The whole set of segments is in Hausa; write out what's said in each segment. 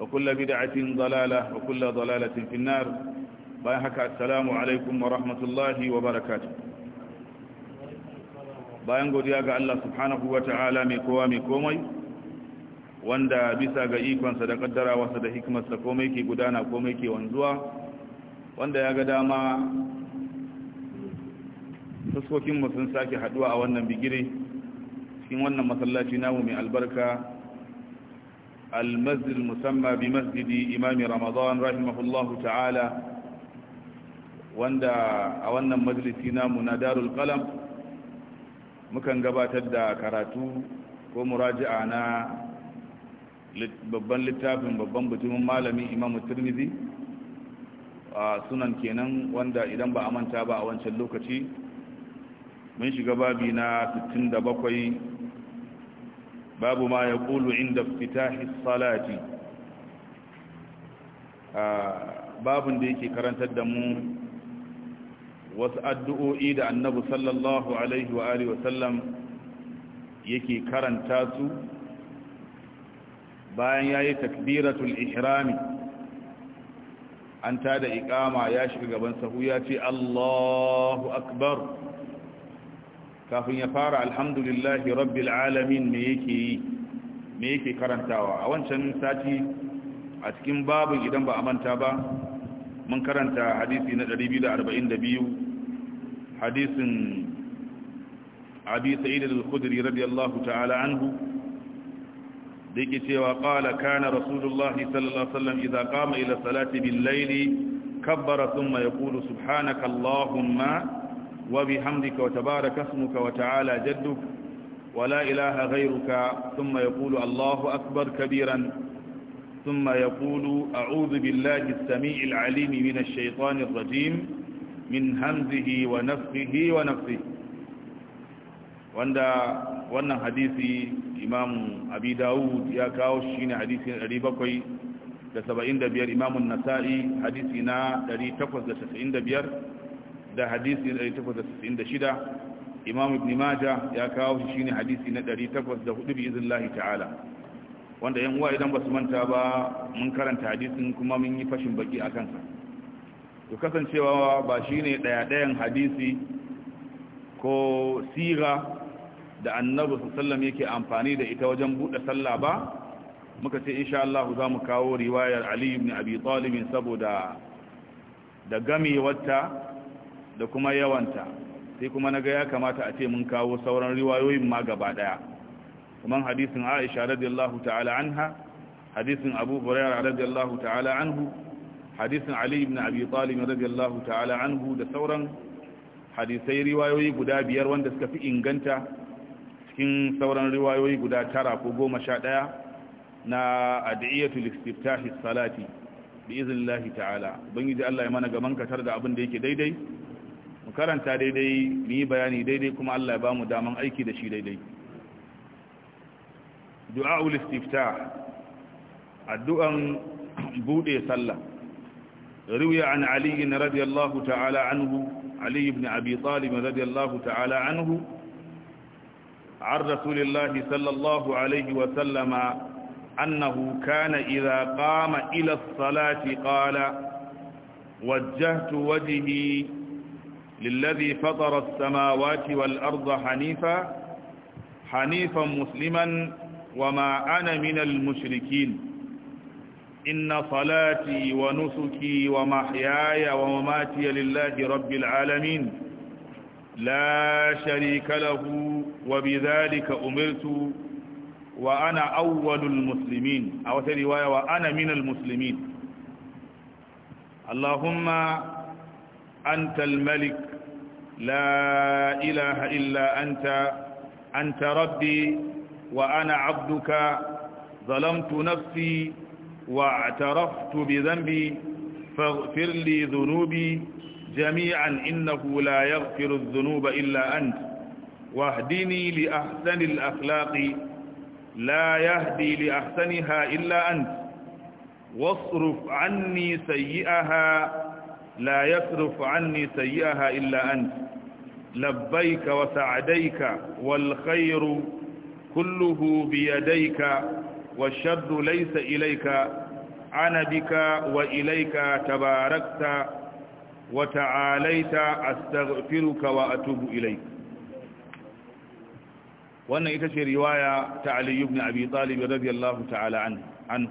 وكل بدعة ضلالة وكل ضلالة في النار بايحك السلام عليكم ورحمة الله وبركاته bayan godiya ga Allah subhanahu wa ta'ala mai kowa mai komai wanda bisa ga ikonsa da kaddarawarsa da hikimarsa komai ke gudana komai ke wanzuwa wanda ya ga dama mu sun sake haduwa a wannan bigire cikin wannan masallaci namu mai albarka المسجد المسمى بمسجد إمام رمضان رحمه الله تعالى واندا أولنا مجلسنا منادار القلم مكان قبات الدا كراتو ومراجعنا babban littafin babban bujumin malami imam turmizi a sunan kenan wanda idan ba a manta ba a wancan lokaci mun shiga sittin da bakwai. babu ma ƙulu inda fitahi salati babun da yake karantar da mu wasu addu'o'i da annabu sallallahu alaihi wa yake karanta su bayan ya yi takbiratul ihrami an ta da ikama ya shiga gaban sahu ya ce allahu akbar kafin ya fara alhamdulillahi rabbil alamin me yake yi me yake karantawa a wancan sati a cikin babin idan ba a manta ba mun karanta hadisi na 242 hadisin abi sa'id al-khudri radiyallahu ta'ala anhu da yake cewa qala kana rasulullahi sallallahu alaihi wasallam idza qama ila salati bil layli kabbara thumma yaqulu subhanaka allahumma وبحمدك وتبارك اسمك وتعالى جدك ولا إله غيرك ثم يقول الله أكبر كبيرا ثم يقول أعوذ بالله السميع العليم من الشيطان الرجيم من همزه ونفخه ونفسه wanda wannan hadisi imam abi dawud ya kawo shi ne hadisi na 775 imamun nasa'i hadisi na 895 da hadisi na 866 imam ibn majah ya kawo shi shine hadisi na 804 bi iznillahi ta'ala wanda yan uwa idan basu manta ba mun karanta hadisin kuma mun yi fashin baki akan sa to kasancewa ba shine daya dayan hadisi ko sira da annabi sallallahu yake amfani da ita wajen bude sallah ba muka ce insha Allah za mu kawo riwayar Ali ibn Abi Talib saboda da gamewarta da kuma yawanta sai kuma na ga ya kamata a ce mun kawo sauran riwayoyin ma gaba daya kuma hadisin Aisha radiyallahu ta'ala anha hadisin Abu Hurairah radiyallahu ta'ala anhu hadisin Ali ibn Abi Talib radiyallahu ta'ala anhu da sauran hadisai riwayoyi guda biyar wanda suka fi inganta cikin sauran riwayoyi guda tara ko goma sha ɗaya na adiyatul istiftahi salati bi iznillahi ta'ala ubangiji Allah ya mana gaban katar da abin da yake daidai mu karanta daidai mu yi bayani daidai kuma Allah ya mu daman aiki da shi daidai du'a'ul istiftah addu'an bude sallah riwaya an ali radiyallahu ta'ala anhu ali ibn abi talib radiyallahu ta'ala anhu عن رسول الله صلى الله عليه وسلم أنه كان إذا قام إلى الصلاة قال وجهت وجهي للذي فطر السماوات والأرض حنيفا حنيفا مسلما وما أنا من المشركين إن صلاتي ونسكي ومحياي ومماتي لله رب العالمين لا شريك له وبذلك أمرت وأنا أول المسلمين أو رواية وأنا من المسلمين اللهم أنت الملك لا إله إلا أنت أنت ربي وأنا عبدك ظلمت نفسي واعترفت بذنبي فاغفر لي ذنوبي جميعا إنه لا يغفر الذنوب إلا أنت واهدني لأحسن الأخلاق لا يهدي لأحسنها إلا أنت واصرف عني سيئها لا يصرف عني سيئها إلا أنت لبيك وسعديك والخير كله بيديك والشر ليس إليك أنا بك وإليك تباركت وتعاليت أستغفرك وأتوب إليك وأن إتشي رواية تعلي بن أبي طالب رضي الله تعالى عنه, عنه.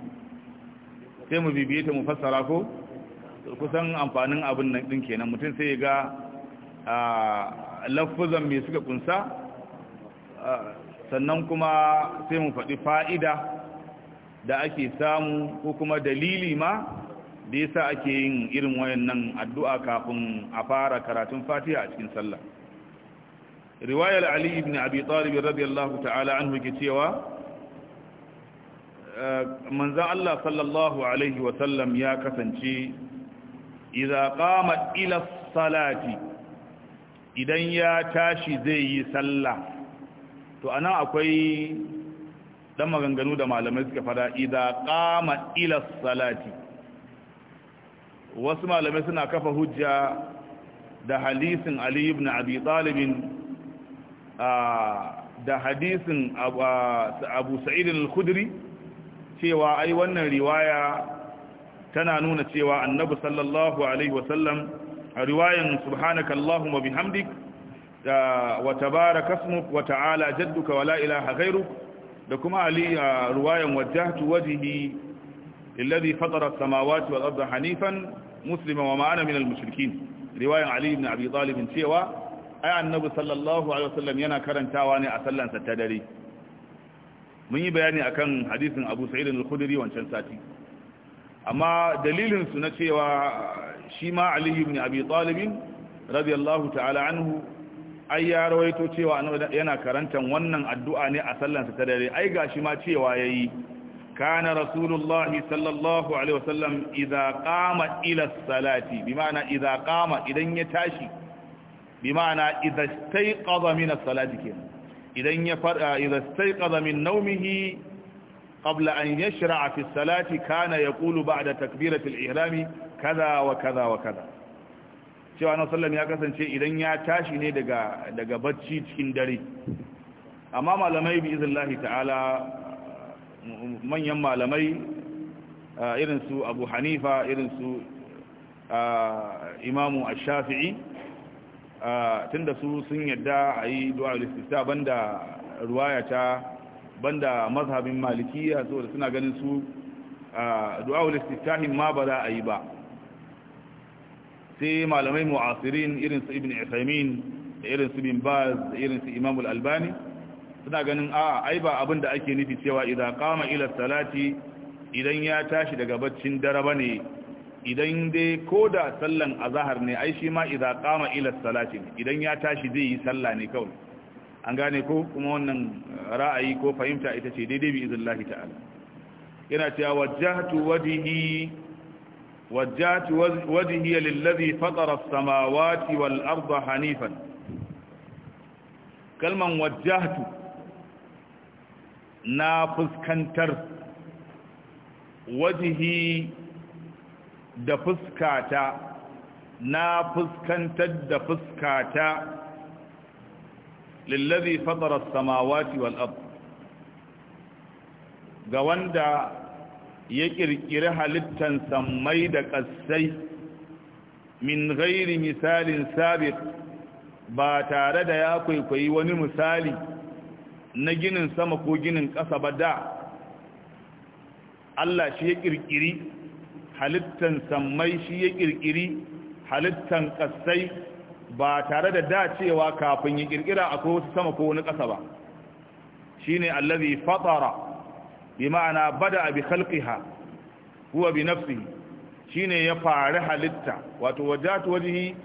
سيما بيبيت مفسراكو kusan amfanin abin nan ɗin kenan mutum sai ya ga lafuzan mai suka kunsa sannan kuma sai mu faɗi fa'ida da ake samu ko kuma dalili ma da yasa ake yin irin wayannan addu'a kafin a fara karatun fatiha a cikin sallah riwayar ali ibn abi talib radiyallahu ta'ala an ke cewa manzan Allah sallallahu alaihi wasallam ya kasance idza qamat ila salati idan ya tashi zai yi sallah to anan akwai dan maganganu da malamai suka fada idza qama ila salati wasu malamai suna kafa hujja da hadisin ali ibn abi talib da hadisin abu sa'id al-khudri cewa ai wannan riwaya tana nuna cewa annabi sallallahu alaihi wasallam riwayan subhanaka allahumma bihamdik wa tabaraka ismuk wa ta'ala jadduka wa la ilaha ghayruk da kuma ali riwayan wajjahtu wajhi alladhi fatara as-samawati wal arda hanifan musliman wa ma ana min al-mushrikeen riwayan ali ibn abi talib cewa ai annabi sallallahu alaihi wasallam yana karantawa ne a sallansa ta dare mun yi bayani akan hadisin abu sa'id al-khudri wancan sati amma dalilin su na cewa shi ma aliyu ibn abi talibin radiyallahu ta'ala anhu ai ya rawaito cewa yana karantan wannan addu'a ne a sallan sallansa ta dare ai gashi ma cewa yayi kana rasulullah sallallahu alaihi wasallam idza qama ila salati bima'ana idza qama idan ya tashi bima'ana idza istayqadha min as-salati kenan idan ya fara idza istayqadha min nawmihi qabla an yashra'a fi as-salati kana yaqulu ba'da takbiratil ihrami kaza wa kaza wa kaza cewa na sallam ya kasance idan ya tashi ne daga daga bacci cikin dare amma malamai bi iznillahi ta'ala manyan malamai irin Abu Hanifa irin imamu Imam Ash-Shafi'i tunda su sun yadda a yi du'a al ban banda ruwaya ta banda mazhabin malikiya saboda suna ganin su du'a al ma ba za a yi ba sai malamai mu'asirin irin su ibn Uthaymeen da irin su bin Baz da irin su Imam al-Albani suna ganin a ai ba abin da ake nufi cewa idza qama ila salati idan ya tashi daga baccin dare bane idan dai koda sallan azhar ne ai shi ma idza qama ila salati idan ya tashi zai yi sallah ne kawai an gane ko kuma wannan ra'ayi ko fahimta ita ce daidai bi izillahi ta'ala yana cewa wajjahtu wajhi وجهت وجهي للذي فطر السماوات والأرض حنيفا كلمة وجهت نافذ كنتر وجهي دفذ كاتا نافذ كنتر دفذ كاتا للذي فطر السماوات والأرض غواندا ya ƙirƙiri halittan sammai da ƙasai min gairi misalin sabit ba tare da ya kwaikwayi wani misali na ginin sama ko ginin ƙasa ba da Allah shi ya kirkiri halittan sammai shi ya ƙirƙiri halittan ƙasai ba tare da dacewa kafin ya ƙirƙira akwai wasu sama ko wani ƙasa ba shine allazi fatara bi bada bi khalqiha huwa bi nafsihi shine ya fara halitta wato wajatu wajhi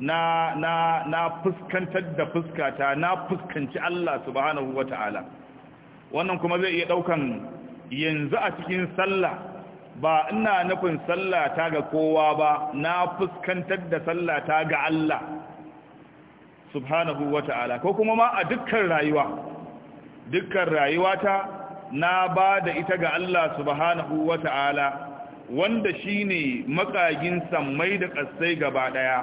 na na na fuskantar da fuskata na fuskanci Allah subhanahu wata'ala wannan kuma zai iya daukan yanzu a cikin sallah ba ina nufin sallah ta ga kowa ba na fuskantar da sallah ta ga Allah subhanahu wata'ala ko kuma ma a dukkan rayuwa dukkan rayuwata na ba da ita ga Allah subhanahu wa ta'ala wanda shi ne makagin sammai da ƙasai gaba ɗaya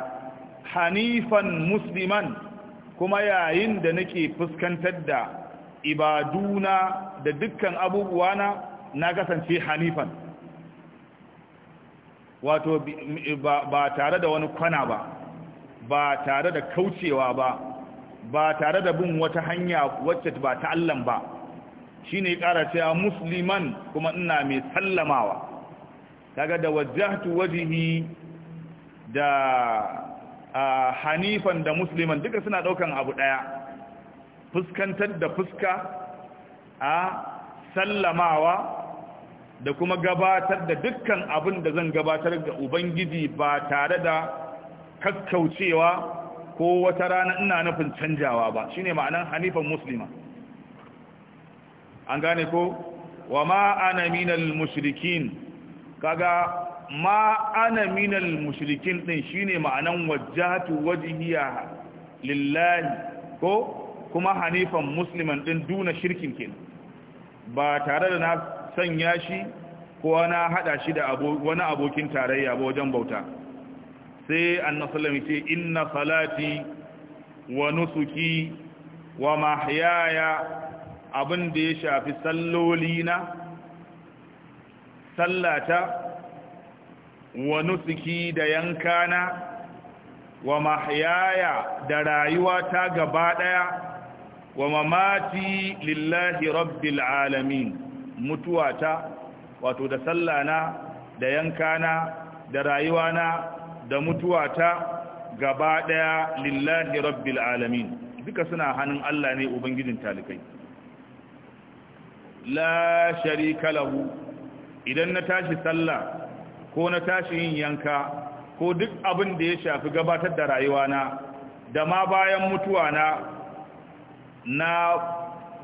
hanifan musliman kuma yayin da nake fuskantar da ibaduna da dukkan abubuwana na kasance hanifan wato ba tare da wani kwana ba ba tare da kaucewa ba ba tare da bin wata hanya wacce ba ta Allah ba shine ne ƙara cewa musliman kuma ina mai sallamawa kaga da wajjahtu wajhi da hanifan da musliman duka suna daukan abu daya fuskantar da fuska a sallamawa da kuma gabatar da dukkan abin da zan gabatar ga ubangiji ba tare da kakkaucewa ko wata rana ina nufin canjawa ba shine ma'anan hanifan musliman an gane ko wa ma ana minal mushrikin kaga ma ana minal mushrikin din shine ma'anan wajjahatu wajhiya lillahi ko kuma hanifan musliman din duna shirkin kin ba tare da na sanya shi ko na hada shi da wani abokin tarayya ba wajen bauta sai annabi sallallahu alaihi wasallam ce inna salati wa nusuki wa mahyaya abin da ya shafi sallolina sallata wa nusuki da yankana wa mahyaya da rayuwa ta gaba daya wa mamati lillahi rabbil alamin mutuwata wato da sallana da yankana da rayuwana da mutuwata gaba daya lillahi rabbil alamin duka suna hannun Allah ne ubangijin talikai la sharika lahu idan na tashi sallah ko na tashi yin yanka ko duk abin da ya shafi gabatar da rayuwana da ma bayan mutuwa na na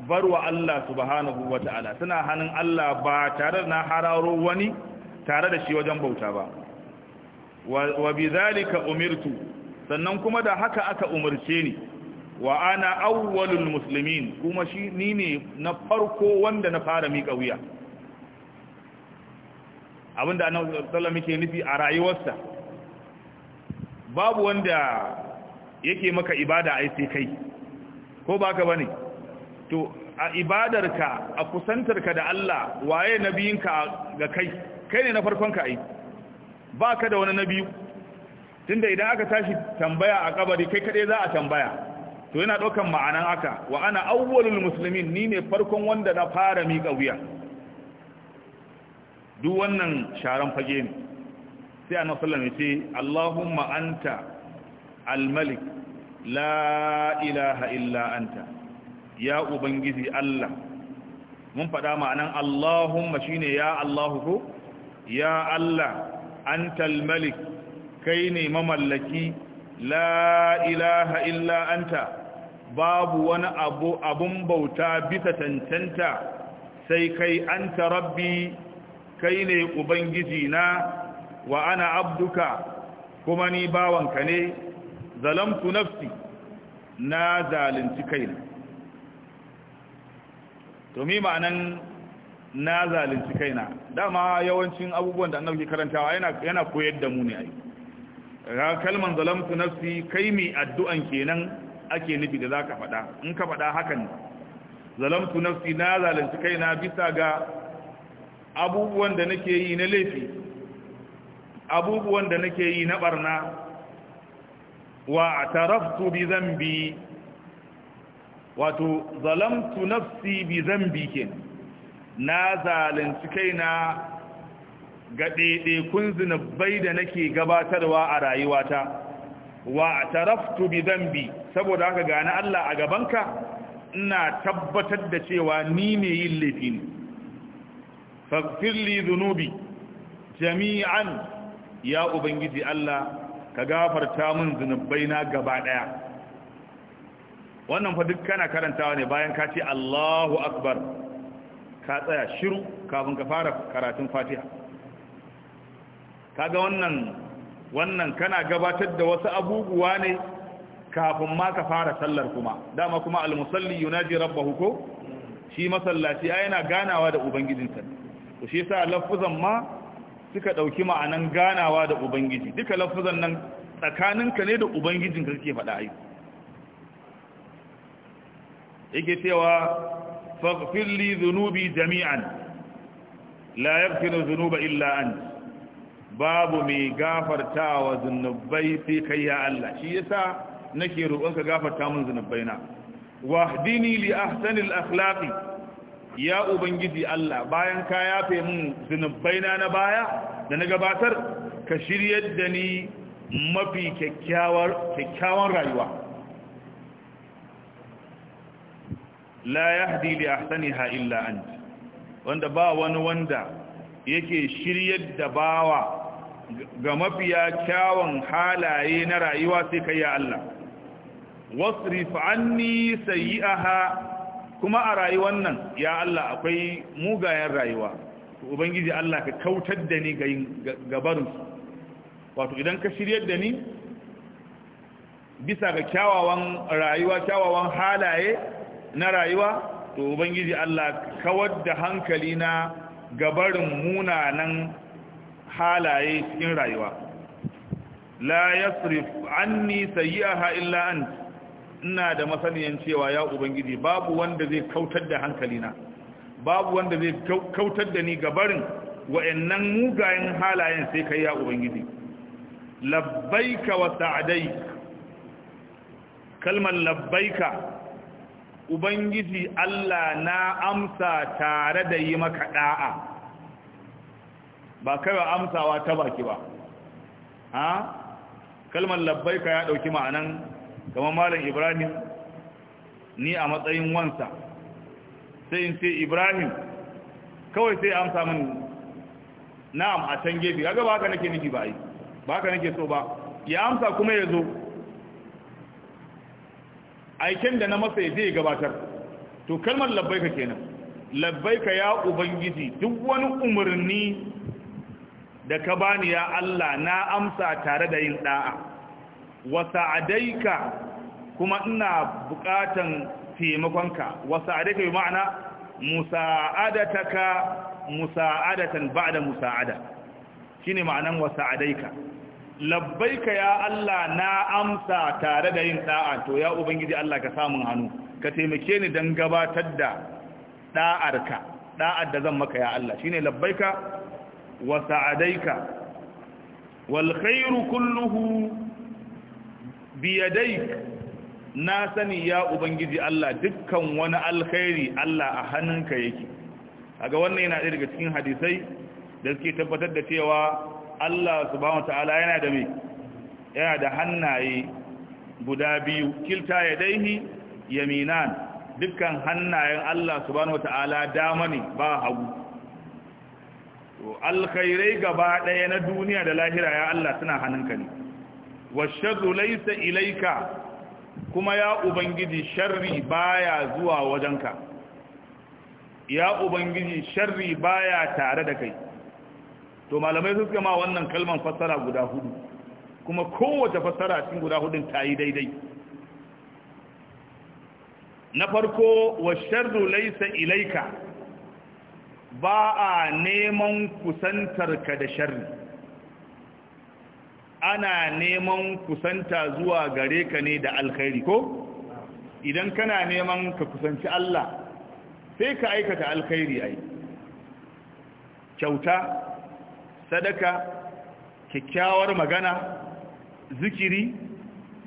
barwa Allah subhanahu wata'ala suna hannun Allah ba tare na hararo wani tare da shi wajen bauta ba wa bi zalika umirtu sannan kuma da haka aka umarce ni wa ana awwalul muslimin kuma shi ni ne na farko wanda na fara miƙa wuya abinda ana sallallahu yake nufi a rayuwarsa babu wanda yake maka ibada ai sai kai ko baka bane to a ibadarka a kusantarka da Allah waye nabiyinka ga kai kai ne na farkon ka ai baka da wani nabi tunda idan aka tashi tambaya a kabari kai kade za a tambaya to yana ɗaukan ma'anan haka wa ana awwalul muslimin ni ne farkon wanda na fara miƙa wuya duk wannan sharan fage ne sai annabi sallallahu alaihi wasallam ya ce Allahumma anta al-malik la ilaha illa anta ya ubangiji Allah mun faɗa ma'anan Allahumma shine ya Allahu ko ya Allah anta al malik kai ne mamallaki la ilaha illa anta babu wani abu abun bauta bisa tantanta sai kai anta rabbi kai ne ubangiji na wa ana abduka kuma ni bawanka ne zalamtu nafsi na zalunci kaina to mi ma'anan na zalunci kaina dama yawancin abubuwan da annabi karantawa yana yana koyar da mu ne ai ga kalman zalamtu nafsi kai mi addu'an kenan ake nufi da zaka faɗa in ka faɗa hakan zalamtu nafsi na zalunci kaina bisa ga abubuwan da nake yi na laifi abubuwan da nake yi na barna wa ataraftu bi zambi wato zalamtu nafsi bi zambi kenan na zalunci kaina ga ɗaiɗaikun zinabbai da nake gabatarwa a rayuwata wa taraftu bi bi saboda haka gani Allah a gabanka ina tabbatar da cewa ni ne yin laifi ne faghfir li dhunubi jami'an ya ubangiji Allah ka gafarta min zinabbai na gaba ɗaya. wannan fa duk kana karantawa ne bayan ka ce Allahu akbar ka tsaya shiru kafin ka fara karatun Fatiha kaga wannan wannan kana gabatar da wasu abubuwa ne kafin ma ka fara sallar kuma dama kuma almusalli yunaji rabbahu ko shi masallaci ai yana ganawa da ubangijinsa to shi yasa lafuzan ma suka dauki ma'anan ganawa da ubangiji duka lafuzan nan tsakaninka ne da ubangijinka kake faɗa ai yake cewa faghfir li dhunubi jami'an la yaghfiru dhunuba illa anta babu mai gafartawa zunubai sai kai ya Allah shi yasa nake ka gafarta min zunubaina wahdini li ahsanil akhlaqi ya ubangiji Allah bayan ka yafe min zunubaina na baya da na gabatar ka shiryar da ni mafi kyakkyawar kyakkyawan rayuwa la yahdi li ahsaniha illa anta wanda ba wani wanda yake shiryar da bawa ga mafiya kyawun halaye na rayuwa sai kai ya Allah wasrif anni sayyi'aha kuma a rayuwar nan ya Allah akwai mugayen rayuwa to ubangiji Allah ka kautar da ni ga barinsu wato idan ka shiryar da ni bisa ga kyawawan rayuwa kyawawan halaye na rayuwa to ubangiji Allah kawar da hankali na gabarin munanan halaye cikin rayuwa la yasrif anni sayyaha illa ant ina da masaniyan cewa ya ubangiji babu wanda zai kautar da hankalina babu wanda zai kautar da ni gabarin wa'annan mugayen halayen sai kai ya ubangiji labbaika wa sa'adai kalmar labbaika ubangiji Allah na amsa tare da yi maka da'a ba kawai amsawa ta baki ba ha kalmar labbaika ya dauki ma'anan kamar malam ibrahim ni a matsayin wansa sai in ce ibrahim kawai sai amsa min na'am a can gefe kaga ba haka nake niki ba yi ba haka nake so ba ya amsa kuma ya zo aikin da na masa ya zai gabatar to kalmar labbaika kenan labbaika ya ubangiji duk wani umarni da ka bani ya Allah na amsa tare da yin da'a wasa adaika kuma ina bukatan taimakonka wasa adaika yi ma'ana musa'adataka musa'adatan ba'da musa'ada shine ma'anan wasa adaika labbaika ya Allah na amsa tare da yin da'a to ya ubangiji Allah ka samun hannu ka taimake ni dan gabatar da da'arka da'ar da zan maka ya Allah shine labbaika wa sa'adaika wal khairu kulluhu bi na sani ya ubangiji Allah dukkan wani alkhairi Allah a hannunka yake kaga wannan yana daga cikin hadisai da suke tabbatar da cewa Allah subhanahu wataala yana da me yana da hannaye guda biyu kilta yadaihi yaminan dukkan hannayen Allah subhanahu wataala dama ne ba hagu to alkhairai gaba ɗaya na duniya da lahira ya Allah suna hannunka ne washarru sa ilaika kuma ya ubangiji sharri baya zuwa wajenka ya ubangiji sharri baya tare da kai to malamai sun kama ma wannan kalman fassara guda hudu kuma kowace fassara cikin guda hudun ta yi daidai na farko washarru laysa ilayka ba a neman kusantar ka da sharri ana neman kusanta zuwa gare ka ne da alkhairi ko idan kana neman ka kusanci Allah sai ka aikata alkhairi ai kyauta sadaka kyakkyawar magana zikiri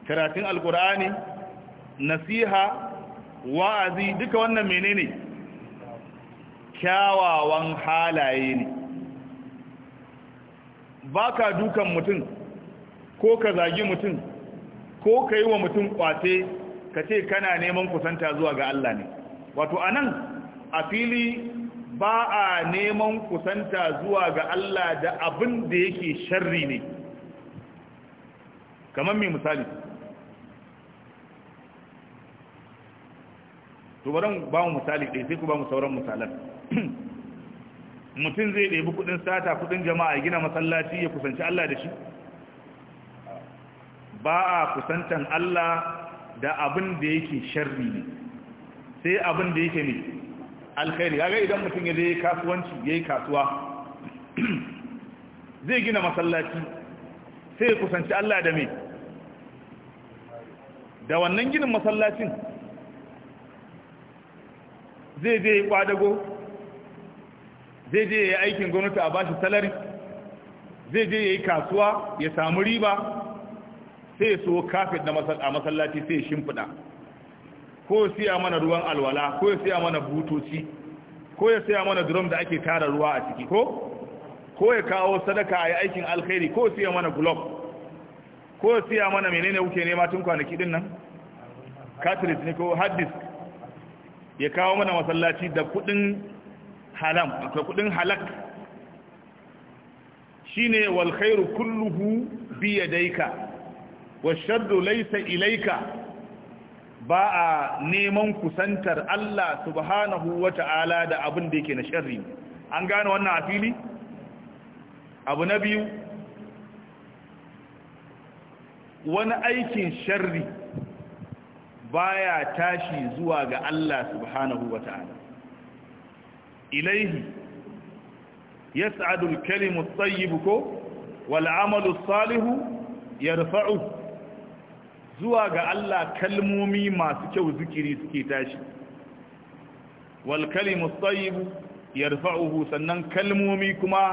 karatun alkur'ani nasiha wa'azi duka wannan menene kyawawan halaye ne ba ka dukan mutum ko ka zagi mutum ko ka yi wa mutum kwace ka ce kana neman kusanta zuwa ga Allah ne wato anan a fili ba a neman kusanta zuwa ga Allah da abin da yake sharri ne kamar mai misali to bari ba mu misali ɗaya sai ku ba mu sauran misalar mutum zai ɗebi kudin sata kudin jama'a gina masallaci ya kusanci Allah da shi ba a kusantan Allah da abin da yake sharri ne sai abin da yake ne alkhairi ga idan mutum ya je kasuwanci ya yi kasuwa zai gina masallaci sai ya kusanci Allah da me da wannan ginin masallacin zai je kwadago zai je ya yi aikin gwamnati a bashi salari zai je ya yi kasuwa ya samu riba sai so kafet a masallaci sai shimfiɗa ko ya siya mana ruwan alwala ko ya siya mana butoci ko ya siya mana drum da ake tara ruwa a ciki ko ko ya kawo sadaka a yi aikin alkhairi ko siya mana gulob ko siya mana menene wuke nema tun kwanaki din nan cartridge ne ko hard disk ya kawo mana masallaci da kuɗin. haram akwai kudin halak shine wal khairu kulluhu bi yadayka washaddu laysa ilayka ba a neman kusantar Allah subhanahu wata'ala da abin da yake na sharri an gane wannan a fili abu na biyu wani aikin sharri baya tashi zuwa ga Allah subhanahu wata'ala ilaihi yas'adu al tayyib ko wal salihu yarfa'u zuwa ga Allah kalmomi masu kyau zikiri suke tashi wal kalimu tayyib yarfa'uhu sannan kalmomi kuma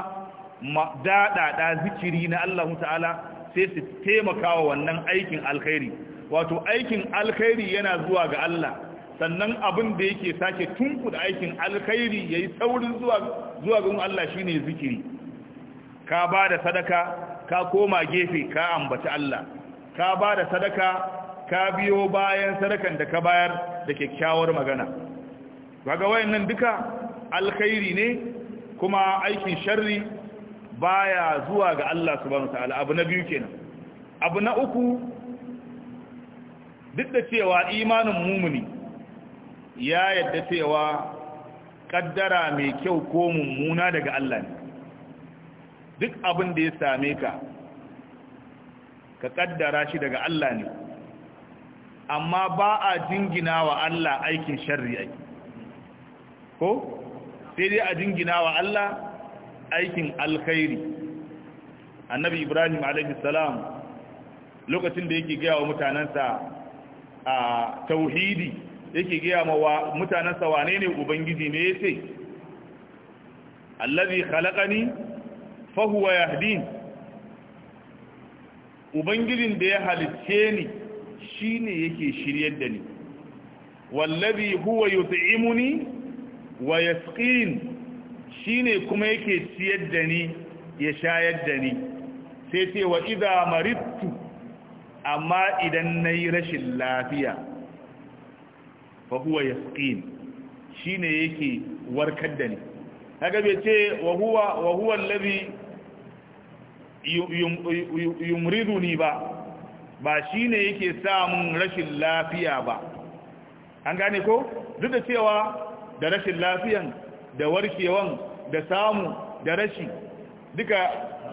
daɗaɗa zikiri na Allah ta'ala sai su taimakawa wannan aikin alkhairi wato aikin alkhairi yana zuwa ga Allah sannan abin da yake sake tunku da aikin alkhairi yayi saurin zuwa zuwa ga Allah shine zikiri ka ba da sadaka ka koma gefe ka ambaci Allah ka ba da sadaka ka biyo bayan sadakan da ka bayar da kyakkyawar magana kaga wayannan duka alkhairi ne kuma aikin sharri baya zuwa ga Allah subhanahu wataala abu na biyu kenan abu na uku duk da cewa imanin mumuni ya yadda cewa kaddara mai kyau ko mummuna daga Allah ne duk abin da ya same ka ka kaddara shi daga Allah ne amma ba a jingina wa Allah aikin sharri ai ko sai dai a jingina wa Allah aikin alkhairi annabi ibrahim salam lokacin da yake gaya wa mutanensa a tauhidi yake giya ma mutanen sa wane ne ubangiji ne yace allazi khalaqani fa huwa yahdin ubangijin da ya halicce ni shine yake shiryar da ni wallazi huwa yut'imuni wa yasqin shine kuma yake ciyar da ni ya shayar da ni sai ce wa idza maridtu amma idan nayi rashin lafiya fa huwa yasqin shine yake warkar da ni kaga bai ce wa huwa wa huwa allazi ba ba shine yake samun rashin lafiya ba an gane ko duk da cewa da rashin lafiyan da warkewan da samu da rashi duka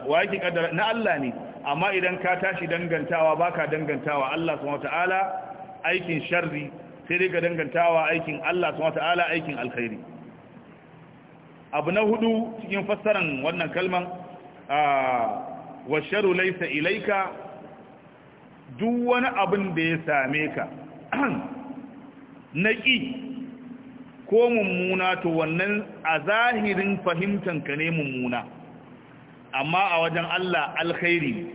wa yake kaddara na Allah ne amma idan ka tashi dangantawa baka dangantawa Allah subhanahu wataala aikin sharri sai dai ka dangantawa aikin Allah subhanahu ta'ala aikin alkhairi abu na hudu cikin fassaran wannan kalman wa sharu laisa ilaika duk wani abin da ya same ka ƙi ko mummuna to wannan a zahirin fahimtanka ne mummuna amma a wajen Allah alkhairi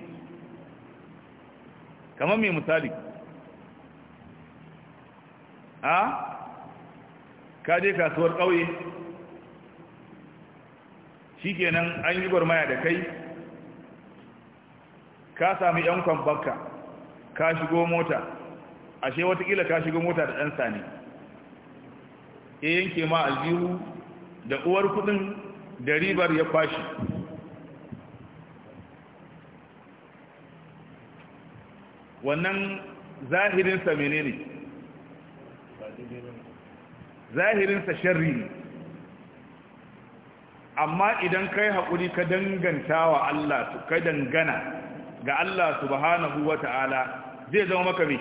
kamar mai misali a je kasuwar ƙauye shikenan an yi gwarmaya da kai ka sami yan bakka. ka shigo mota ashe watakila ka shigo mota da ɗansa ne E, yanke ma aljihu da uwar kudin da ribar ya kwashi wannan zahirinsa ne. zahirinsa sharri ne amma idan kai hakuri ka danganta wa Allah su ka dangana ga Allah subhanahu wata'ala zai zama maka mai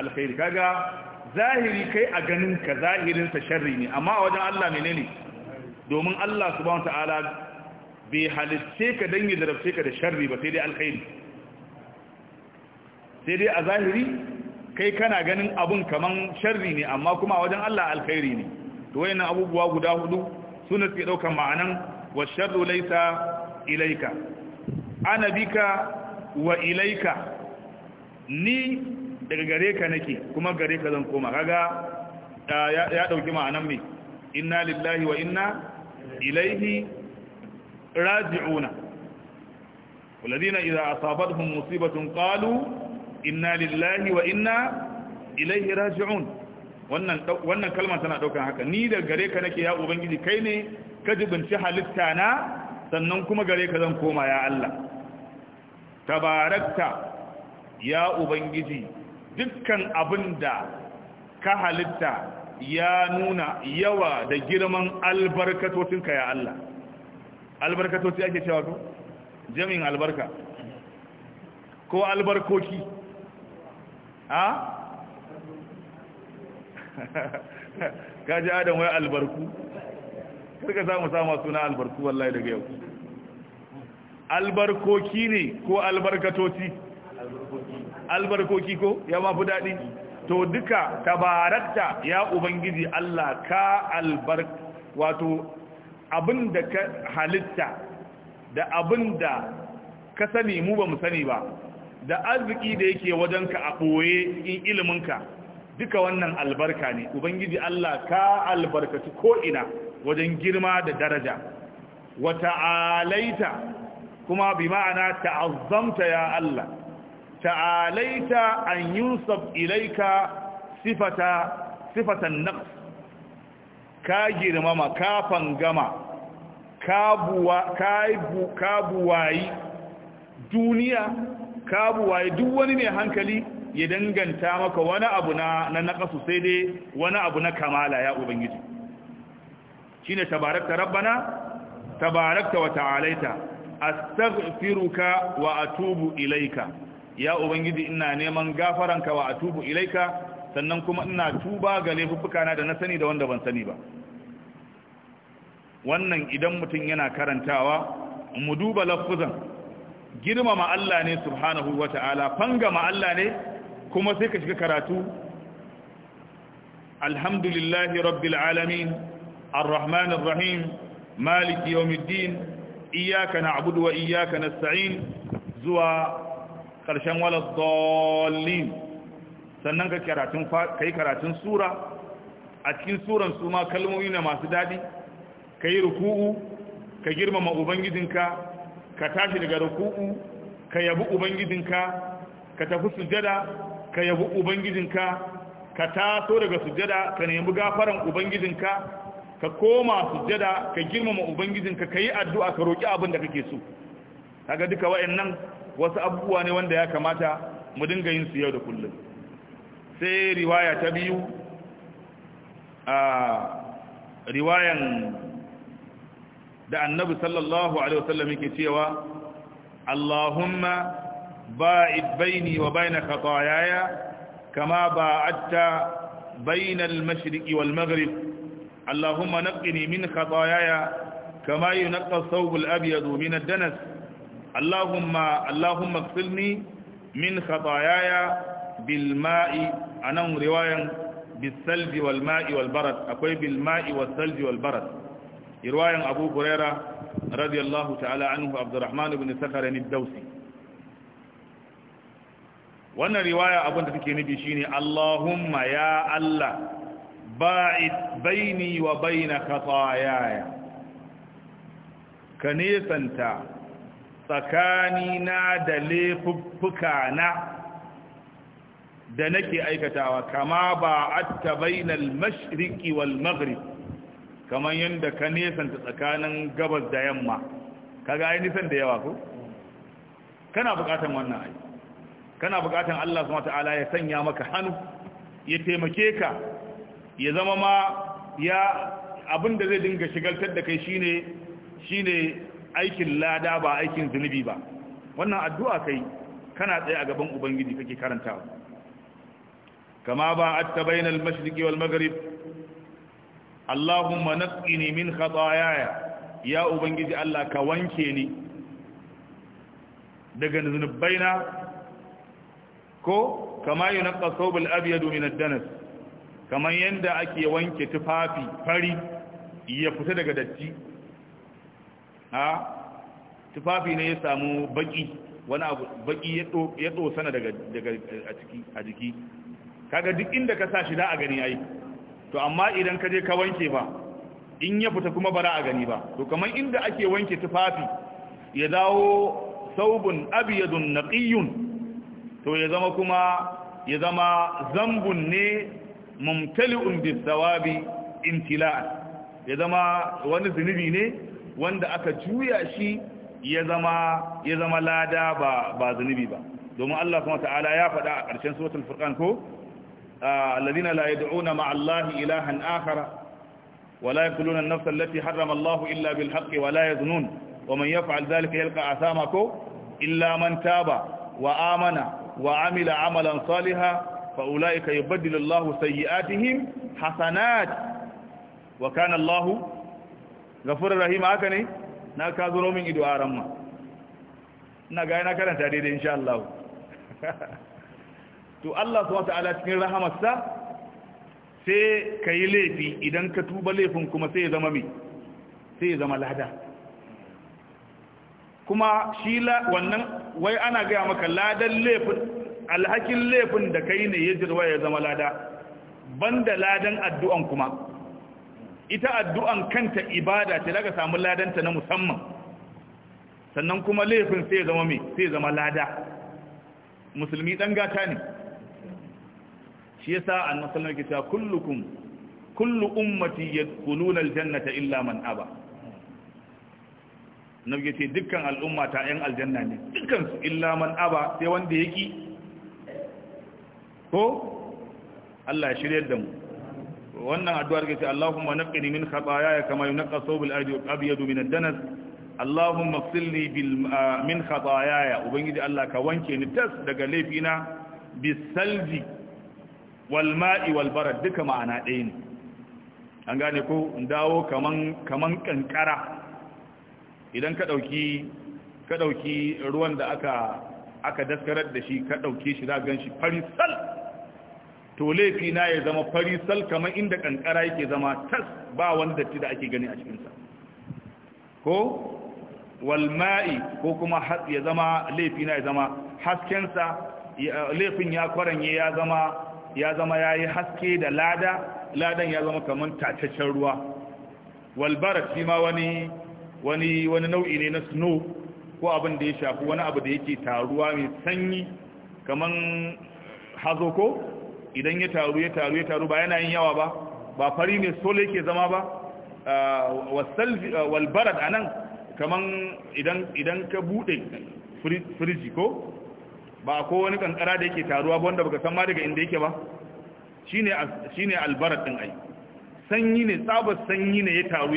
alkhairi kaga zahiri kai a ganin ka zahirinsa sharri ne amma a wajen Allah menene domin Allah subhanahu wata'ala bai halitce ka dan ya jarabce ka da sharri ba sai dai alkhairi sai dai a zahiri kai kana ganin abun kaman sharri ne amma kuma wajen Allah alkhairi ne to wayannan abubuwa guda hudu suna suke daukan ma'anan wa sharru laysa ilaika ana bika wa ilaika ni daga gare ka nake kuma gare ka zan koma kaga ya dauki ma'anan me inna lillahi wa inna ilaihi raji'una والذين إذا أصابتهم musibatun قالوا inna lillahi wa inna ilaihi raji'un wannan wannan kalma tana daukan haka ni da gare ka nake ya ubangiji kai ne ka jibinci halitta na sannan kuma gare ka zan koma ya Allah tabarakta ya ubangiji dukkan abinda ka halitta ya nuna yawa da girman albarkatocinka ya Allah albarkatoci ake cewa ko jami'in albarka ko albarkoki Ka kaji adam wai albarku karka za mu samu suna albarku wallahi daga yau albarkoki ne ko albarkatoci albarkoki ko ya mafi daɗi to duka tabarakta ya ubangiji Allah ka albar wato abinda ka halitta da abinda ka sani mu ba mu sani ba da arziki da yake wajenka a ɓoye in iliminka duka wannan albarka ne ubangiji Allah ka albarkaci ko'ina wajen girma da daraja wata alaita kuma bi ma'ana ta'azzamta ya Allah ta'alaita an yusuf ilaika sifata sifatan naqs ka girmama ka fangama ka buwa ka buwayi duniya Kabu waye duk wani mai hankali ya danganta maka wani abu na na naqasu sai dai wani abu na kamala ya ubangiji shine tabarakta rabbana tabarakta wa ta'alaita astaghfiruka wa atubu ilaika ya ubangiji ina neman gafaranka wa atubu ilaika sannan kuma ina tuba ga laifuffukana da na sani da wanda ban sani ba wannan idan mutum yana karantawa mu duba lafuzan girmama Allah ne subhanahu wa ta'ala fangama Allah ne kuma sai ka shiga karatu alhamdulillahi rabbil alamin arrahmanir rahim maliki yawmiddin iyyaka na'budu wa iyyaka nasta'in zuwa karshen wala dallin sannan ka karatun kai karatun sura a cikin suran su ma kalmomi ne masu dadi kai ruku'u ka girmama ubangijinka ka tashi daga ruku'u ka yabi ubangijinka ka tafi sujada ka yabi ubangijinka ka taso daga sujada ka nemi gafaran ubangijinka ka koma sujada ka girmama ubangijinka ka yi addu'a ka roki abin da kake so kaga duka wayannan wasu abubuwa ne wanda ya kamata mu dinga yin su yau da kullum sai riwaya ta biyu a riwayan da annabi sallallahu alaihi wasallam yake cewa Allahumma ba'id baini wa baina khataayaya kama ba'adta baina al-mashriqi wal-maghrib Allahumma naqqini min khataayaya kama yunqqa ath-thawb al-abyad min ad-danas Allahumma Allahumma ighfirni min khataayaya bil ma'i anan riwayan bis salji wal ma'i wal barad akwai bil ma'i was salji wal barad riwayan Abu Huraira radiyallahu ta'ala anhu Abdurrahman ibn Sakhar ad-Dawsi wannan riwaya abin da take nufi shine Allahumma ya Allah ba'id baini wa baina khataayaya ka nesanta tsakanina da na da nake aikatawa kama ba atta bainal mashriqi wal maghrib kamar yadda ka nesanta tsakanin gabas da yamma ka ga ai nisan da yawa ko kana bukatan wannan ai kana bukatan Allah subhanahu wataala ya sanya maka hannu ya taimake ka ya zama ma ya abin da zai dinga shigaltar da kai shine shine aikin lada ba aikin zunubi ba wannan addu'a kai kana tsaye a gaban ubangiji kake karantawa kama ba atta bainal mashriqi wal maghrib Allahumma naqini min khataayaaya ya ubangiji Allah ka wanke ni daga zunubaina ko kama yunqa thawbul abyad min ad-danas kaman yanda ake wanke tufafi fari ya fita daga datti ha tufafi ne ya samu baki wani abu baki ya sana daga daga a ciki a jiki kaga duk inda ka sa shi da a gani ai to amma idan ka je ka wanke ba in ya fita kuma bara a gani ba to kamar inda ake wanke tufafi ya dawo saubun abiyadun naqiyun to ya zama kuma ya zama zambun ne mumtali'un bisawabi intila'a ya zama wani zunubi ne wanda aka juya shi ya zama ya zama lada ba ba zunubi ba domin Allah Wa ta'ala ya faɗa a ƙarshen suratul furqan ko الذين لا يدعون مع الله إلها آخر ولا يقتلون النفس التي حرم الله إلا بالحق ولا يزنون ومن يفعل ذلك يلقى أثامك إلا من تاب وآمن وعمل عملا صالحا فأولئك يبدل الله سيئاتهم حسنات وكان الله غفور رحيم هكذا ناكا ظلوم إدوارا ناكا ناكا نتعديد إن شاء الله to Allah wata ala cikin rahamarsa sai ka yi laifi idan ka tuba laifin kuma sai ya zama mai sai ya zama lada kuma shi wannan wai ana gaya maka ladan laifin alhakin laifin da kai ne ya jirwa ya zama lada banda ladan addu'an kuma ita addu'an kanta ibada ce daga samu ladanta na musamman sannan kuma laifin sai ya zama mai sai ya zama lada musulmi ɗan gata ne shi yasa annabi sallallahu alaihi wasallam kullukum kullu ummati yadkhuluna aljannata illa man aba nabi yace dukkan al'umma ta yan aljanna ne dukkan su illa man aba sai wanda yake ko Allah ya shiryar da mu wannan addu'ar ke ce Allahumma naqqini min khataaya kama yunqqa thawbul abyadu min ad-danas Allahumma ighsilni bil ah, min khataaya ubangiji Allah ka wanke ni tas daga laifina bisalji wal ma'i duka ma'ana ɗaya ne an gane ko dawo kaman kaman idan ka dauki ruwan da aka aka daskarar da shi ka dauke shi za gan shi farisal to laifi na ya zama farisal kaman inda kankara yake zama tas ba wani datti da ake gani a cikin ko wal ko kuma ya zama laifi na ya zama hasken sa laifin ya kwaranye ya zama ya zama ya yi haske da lada ladan ya zama kamar tataccen ruwa walbara shi ma wani wani nau'i ne na snow ko abin da ya shafi wani abu da yake taruwa mai sanyi kamar hazo ko idan ya taru ya taru ya taru ba yana yin yawa ba ba fari ne sole ke zama ba ah, walbarat a nan kamar idan ka bude firiji ko ba ko wani kankara da yake taruwa ba wanda baka san ma daga inda yake ba shine shine albarat din ai sanyi ne tsabar sanyi ne ya taru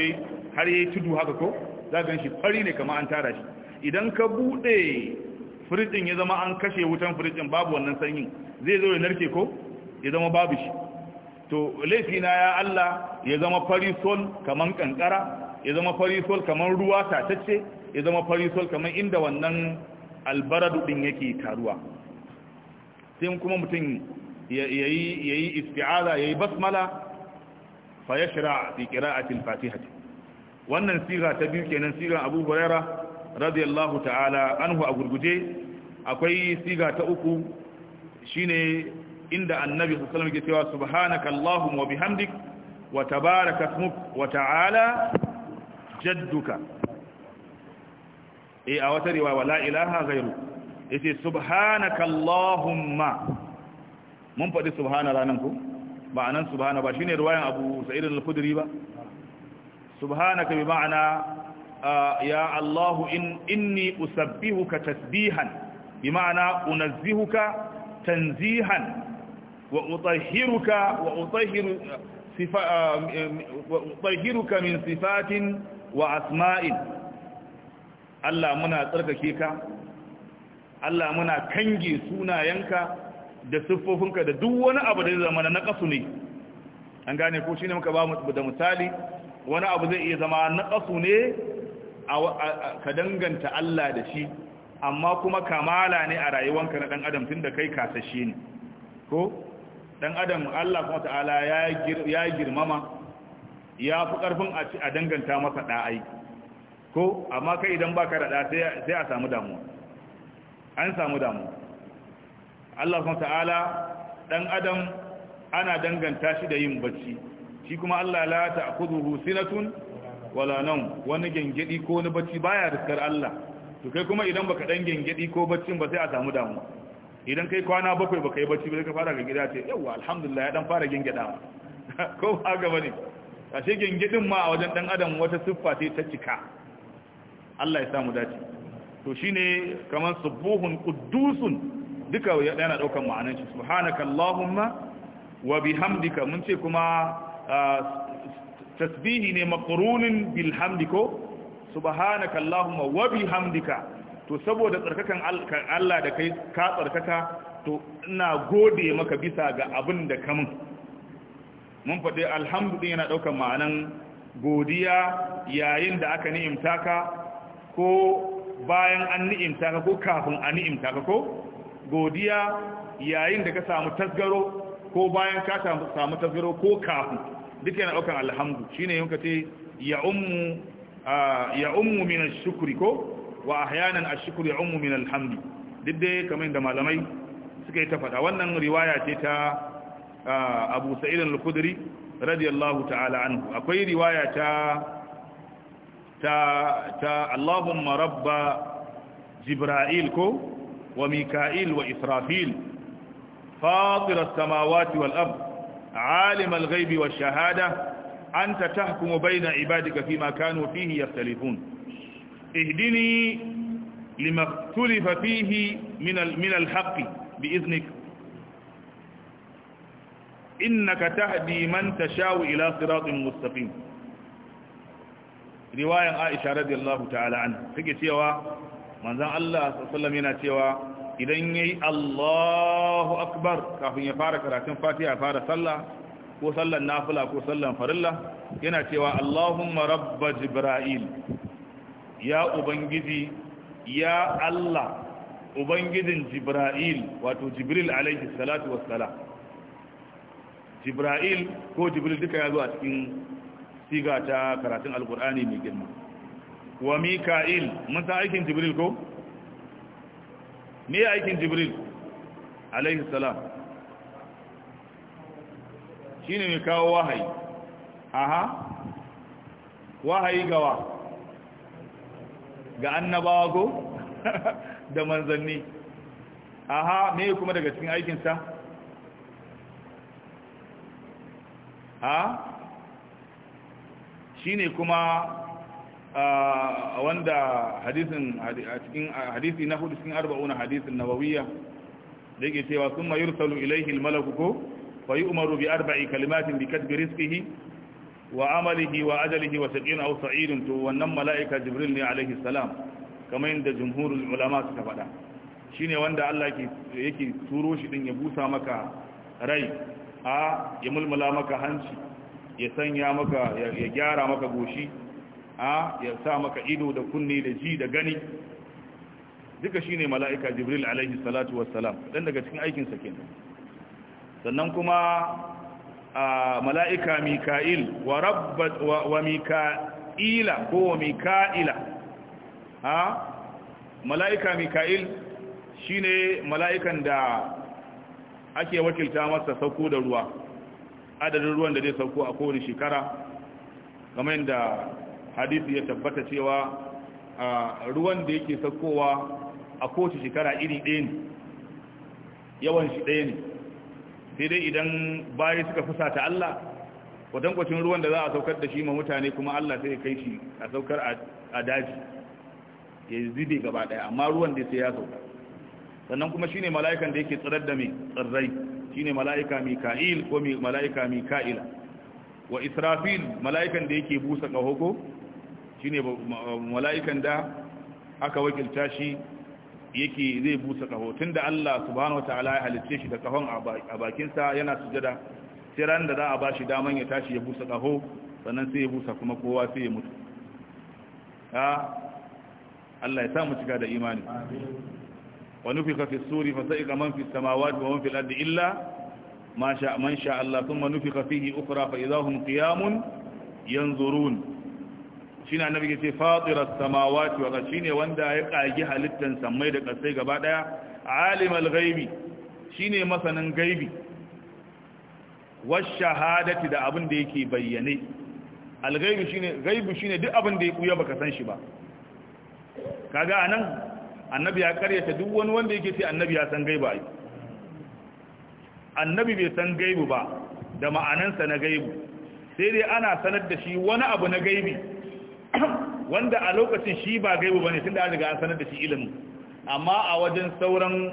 har yayi tudu haka ko za ka ganshi. fari ne kamar an tara shi idan ka bude firijin ya zama an kashe wutan firijin babu wannan sanyin zai zo ya narke ko ya zama babu shi to na ya Allah ya zama fari sol kaman kankara ya zama fari sol kaman ruwa tatacce ya zama fari sol kaman inda wannan albaradu din yake taruwa sai kuma mutum yayi yayi isti'aza yayi basmala fa shira fi qira'ati al-fatihati wannan siga ta biyu kenan siga Abu Huraira radiyallahu ta'ala anhu a gurguje akwai siga ta uku shine inda annabi sallallahu ke cewa subhanakallahumma wa bihamdik wa tabaraka ismuk wa ta'ala jadduka eh a wata riwaya wala ilaha ghairu yace subhanaka allahumma mun faɗi subhana ranan ku ma'anan subhana ba shi ne riwayan abu sa'id al-khudri ba subhanaka bi ma'ana ah, ya allahu in inni usabbihuka tasbihan bi ma'ana unazzihuka tanzihan wa utahhiruka wa utahhiru sifa ah, eh, wa utahhiruka min sifatin wa asma'in Allah muna tsarkake ka Allah muna kange sunayenka da siffofinka da duk wani abu da zama na kasu ne an gane ko shine muka ba mu da misali wani abu zai iya zama na kasu ne ka danganta Allah da shi amma kuma kamala ne a rayuwanka na dan adam tunda kai kasashe ne ko dan adam Allah kuma ta'ala ya girmama ya fi karfin a danganta masa da'ai ko amma kai idan baka da da sai a samu damuwa an samu damuwa Allah subhanahu ta'ala dan adam ana danganta shi da yin bacci shi kuma Allah la ta'khudhuhu sinatun wala nawm wani gengedi ko wani bacci baya riskar Allah to kai kuma idan baka dan gengedi ko baccin ba sai a samu damuwa idan kai kwana bakwai baka yi bacci ba sai ka fara ga gida ce yawa alhamdulillah ya dan fara gengedawa ko ba ga bane ashe gengedin ma a wajen dan adam wata siffa ce ta cika Allah ya samu dace to shine kamar subuhun quddusun duka yana daukan ma'anar shi subhanakallahumma wa bihamdika mun ce kuma tasbihi ne maqrunin bil hamdi ko subhanakallahumma wa bihamdika to saboda tsarkakan Allah da kai ka tsarkaka to ina gode maka bisa ga abin da ka mun faɗi alhamdulillah yana ɗaukan ma'anan godiya yayin da aka ni'imta ka ko bayan an ni'imta ka ko kafin an ni'imta ka ko godiya yayin da ka samu tasgaro ko bayan ka samu tasgaro ko kafin duk yana daukan alhamdu shine yanka ce ya ummu ya ummu min ash-shukri ko wa ahyanan ash-shukru ya ummu min alhamdi duk dai kamar da malamai suka yi ta fada wannan riwaya ce ta Abu Sa'id al-Khudri radiyallahu ta'ala anhu akwai riwaya ta تا تا اللهم رب جبرائيل كو وميكائيل وإسرافيل فاطر السماوات والأرض عالم الغيب والشهادة أنت تحكم بين عبادك فيما كانوا فيه يختلفون اهدني لما اختلف فيه من من الحق بإذنك إنك تهدي من تشاو إلى صراط مستقيم riwayan Aisha radiyallahu ta'ala an take cewa manzon Allah sallallahu alaihi wasallam yana cewa idan yayi Allahu akbar kafin ya fara karatun Fatiha fara sallah ko sallan nafila ko sallan farilla yana cewa Allahumma rabb Jibril ya ubangiji ya Allah ubangijin Jibril wato Jibril alaihi salatu wassalam Jibril ko Jibril duka ya zo a cikin siga ta karatun alkur'ani mai girma wa mika'il mun san aikin jibril ko me aikin jibril alaihi salam ne mai kawo wahayi aha wahayi gawa ga annabawa ko da manzanni aha me kuma daga cikin aikinsa ha shine kuma wanda hadisin a cikin hadisi na hudu cikin arba'una hadisin nawawiyya da yake cewa summa yursalu ilaihi malaku ko fa umaru bi arba'i kalimatin bi kadbi rizqihi wa amalihi wa ajalihi wa shaqiyun aw sa'idun to wannan mala'ika jibril ne alaihi salam kamar yadda jumhurul ulama suka faɗa shine wanda Allah yake turo shi din ya busa maka rai a ya mulmula maka hanci ya sanya maka ya gyara maka goshi a ya sa maka ido da kunne da ji da gani duka shine mala'ika jibril alaihi salatu wassalam dan daga cikin aikin sa kenan sannan kuma mala'ika mika'il wa rabbat wa mika'ila ko wa mika'ila ha mala'ika mika'il shine mala'ikan da ake wakilta masa sauko da ruwa adadin ruwan da zai sauko a kowane shekara kamar da hadisi ya tabbata cewa ruwan da yake saukowa a kowace shekara iri ɗaya ne yawan shi ɗaya ne sai dai idan bayan suka fusa ta Allah kwatankwacin ruwan da za a saukar da shi ma mutane kuma Allah sai kai shi a saukar a daji ya zide gaba ɗaya amma ruwan da sai ya sauka sannan kuma shine mala'ikan da yake tsirar da mai tsirrai shine mala'ika mika'il ko mala'ika mika'ila wa israfil mala'ikan da yake busa kahoko shine mala'ikan da aka wakilta shi yake zai busa kaho tunda Allah subhanahu wataala ya halicce shi da kahon a bakinsa yana sujada sai ran da za a bashi daman ya tashi ya busa kaho sannan sai ya busa kuma kowa sai ya mutu ah, Allah ya sa mu cika da imani ونفخ في السور فسئق من في السماوات ومن في الأرض إلا ما شاء من شاء الله ثم نفخ فيه أخرى فإذا هم قيام ينظرون شين عن يقول فاطر السماوات وغشين واندى يقع جهة لتن لك السيقى بعد عالم الغيب شين مثلا غيب والشهادة دا أبن ديكي بياني الغيب شين غيب شين دي أبن ديكي يبقى سنشبا kaga anan annabi ya karyata duk wani wanda yake ce annabi ya san gaibu ai annabi bai san gaibu ba da ma'anansa na gaibu sai dai ana sanar da shi wani abu na gaibi wanda a lokacin shi ba gaibu bane tun da riga an sanar da shi ilimin amma a wajen sauran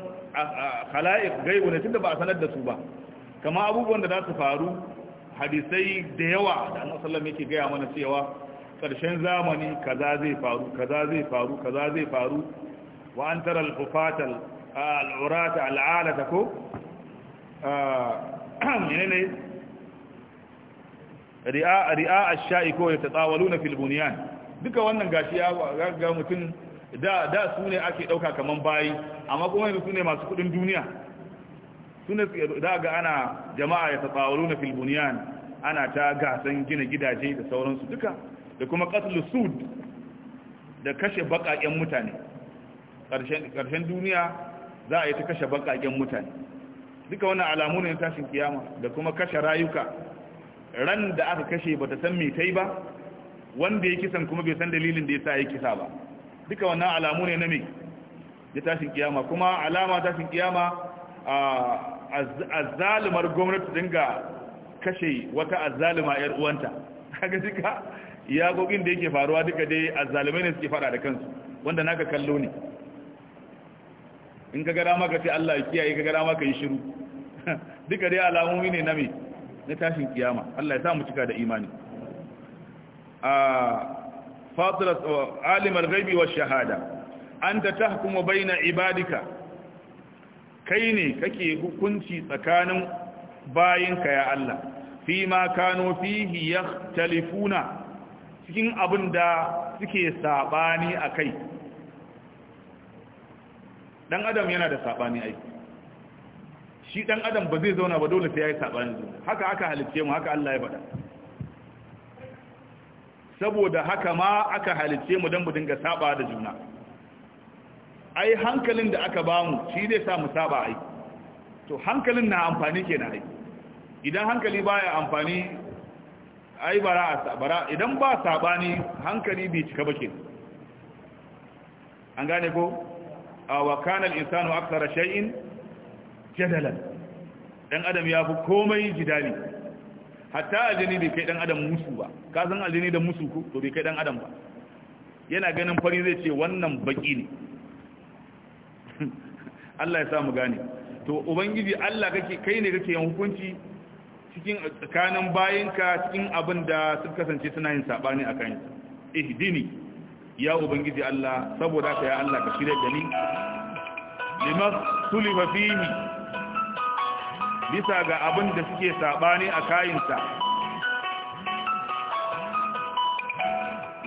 khala'iq gaibu ne tunda ba a sanar da su ba kama abubuwan da za su faru hadisai da yawa da annabi sallallahu yake gaya mana cewa karshen zamani kaza zai faru kaza zai faru kaza zai faru wa an tara al-hufatal al-urata al-alata ko menene ri'a ri'a ash-sha'i ko fil bunyan duka wannan gashi ya ga mutum da da su ne ake dauka kaman bayi amma kuma yanzu su ne masu kudin duniya sune da ga ana jama'a yatatawaluna fil bunyan ana ta gasan gina gidaje da sauransu duka da kuma qatlu sud da kashe bakaken mutane ƙarshen duniya za a yi ta kashe baƙaƙen mutane duka wannan alamu ne tashin kiyama da kuma kashe rayuka ran da aka kashe ba ta san me yi ba wanda ya kisan kuma bai san dalilin da ya sa ya kisa ba duka wannan alamu ne na me da tashin kiyama kuma alama tashin kiyama a zalimar gwamnati dinga kashe wata a zalima yar uwanta Haka duka iyakokin da yake faruwa duka dai a zalimai ne suke fada da kansu wanda naka kallo ne in ka gada maka sai Allah ya kiyaye ka gada maka yi shiru duka dai alamomi ne na me na tashin kiyama Allah ya sa mu cika da imani a fatirat alimar ghaibi wa shahada anta tahkumu baina ibadika kai ne kake hukunci tsakanin bayinka ya Allah fi ma kanu fihi yakhtalifuna cikin abin da suke sabani akai dan adam yana da sabani ai shi dan adam ba zai zauna ba dole sai yayi sabani haka aka halicce mu haka Allah ya faɗa saboda haka ma aka halicce mu dan mu dinga saba da juna ai hankalin da aka bamu shi zai sa mu saba ai to hankalin na amfani kenan ai idan hankali baya amfani ai bara sabara idan ba sabani hankali bai cika ba kenan an gane ko awa kana al-insanu akthara shay'in jadalan dan adam ya fi komai jidali hatta aljini bai kai dan adam musu ba ka san aljini da musu ko to bai kai dan adam ba yana ganin fari zai ce wannan baki ne Allah ya sa mu gane to ubangiji Allah kake kai ne kake yin hukunci cikin tsakanin bayinka cikin abin da suka kasance suna yin sabani akan ihdini ya ubangiji Allah saboda ka ya Allah ka shirya da ni limas sulifa fihi bisa ga abin da suke sabani a kayinta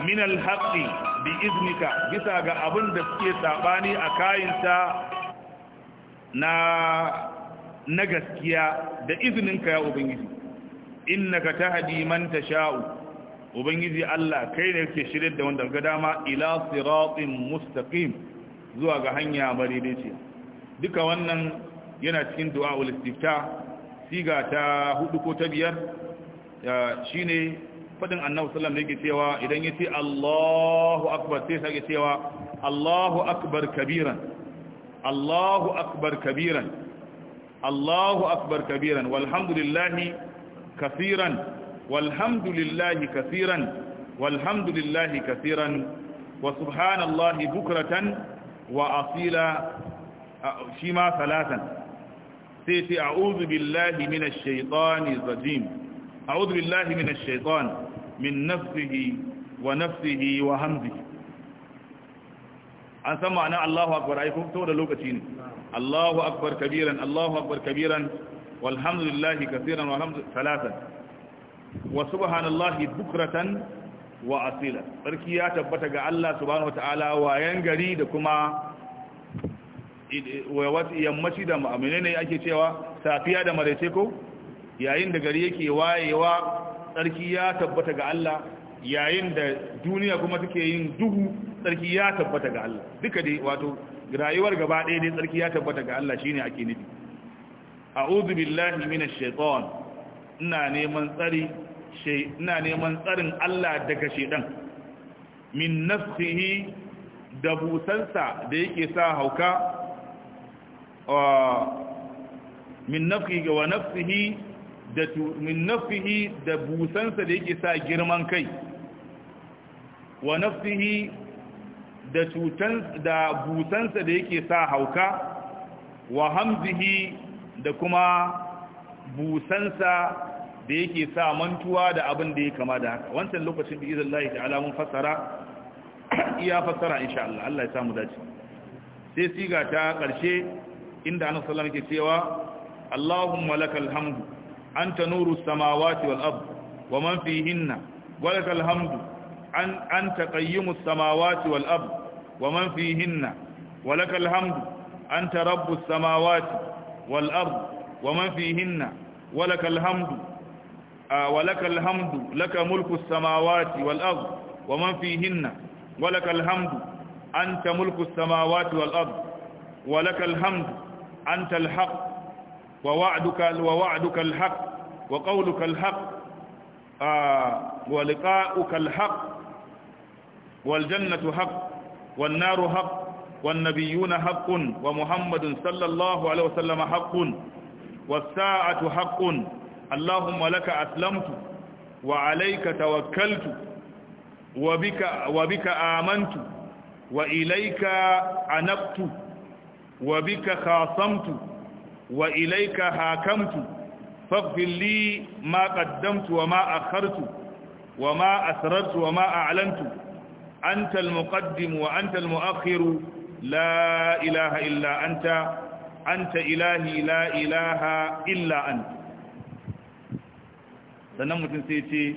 min alhaqi bi iznika bisa ga abin da suke sabani a kayinta na na gaskiya da izininka ya ubangiji innaka tahdi man tasha'u ubangiji Allah kai ne yake shirye da wanda ga dama ila siratin mustaqim zuwa ga hanya madaidaici duka wannan yana cikin du'aul istifta siga ta hudu ko ta biyar shine fadin annabi sallallahu alaihi wasallam cewa idan yace Allahu akbar sai sai cewa Allahu akbar kabiran Allahu akbar kabiran Allahu akbar kabiran walhamdulillahi kaseeran walhamdulillahi kasiran walhamdulillahi kasiran wa subhanallahi bukratan wa asila shi ma salatan sai ce a'udhu billahi minash shaitani rajim a'udhu billahi min nafsihi wa nafsihi wa an san ma'ana Allahu akbar ai kun da lokaci ne Allahu akbar kabiran Allahu akbar kabiran walhamdulillahi kaseeran walhamdu salatan wa subhanallahi bukratan wa asila sarki ya tabbata ga Allah subhanahu wataala wayan gari da kuma yammaci da ne ake cewa safiya da maraice ko yayin da gari yake wayewa sarki ya tabbata ga Allah yayin da duniya kuma take yin duhu sarki ya tabbata ga Allah duka dai wato rayuwar gaba ɗaya dai sarki ya tabbata ga Allah shine ake nufi a'udhu billahi minash shaitani ina neman tsari ina neman tsarin Allah daga shedan min nafsihi da busansa da yake sa hauka min nafsihi wa nafsihi da min nafsihi da busansa da yake sa girman kai wa nafsihi da tutan da busansa da yake sa hauka wa hamzihi da kuma busansa da yake sa mantuwa da abin da ya kama da haka wancan lokacin bi izin Allah ta'ala mun fassara iya fassara insha Allah Allah ya samu dace sai siga ta karshe inda Annabi sallallahu alaihi cewa Allahumma lakal hamdu anta nuru samawati wal ard wa man fihinna wa lakal hamdu an anta qayyimus samawati wal ard wa man fihinna wa lakal hamdu anta rabbus samawati wal ard wa man fihinna wa lakal hamdu آه، ولك الحمد لك ملك السماوات والأرض ومن فيهن ولك الحمد أنت ملك السماوات والأرض ولك الحمد أنت الحق ووعدك ووعدك الحق وقولك الحق آه ولقاؤك الحق والجنة حق والنار حق والنبيون حق ومحمد صلى الله عليه وسلم حق والساعة حق اللهم لك أسلمت وعليك توكلت وبك, وبك آمنت وإليك أنبت وبك خاصمت وإليك هاكمت فاغفر لي ما قدمت وما أخرت وما أسررت وما أعلنت أنت المقدم وأنت المؤخر لا إله إلا أنت أنت إلهي لا إله إلا أنت sannan mutum sai ce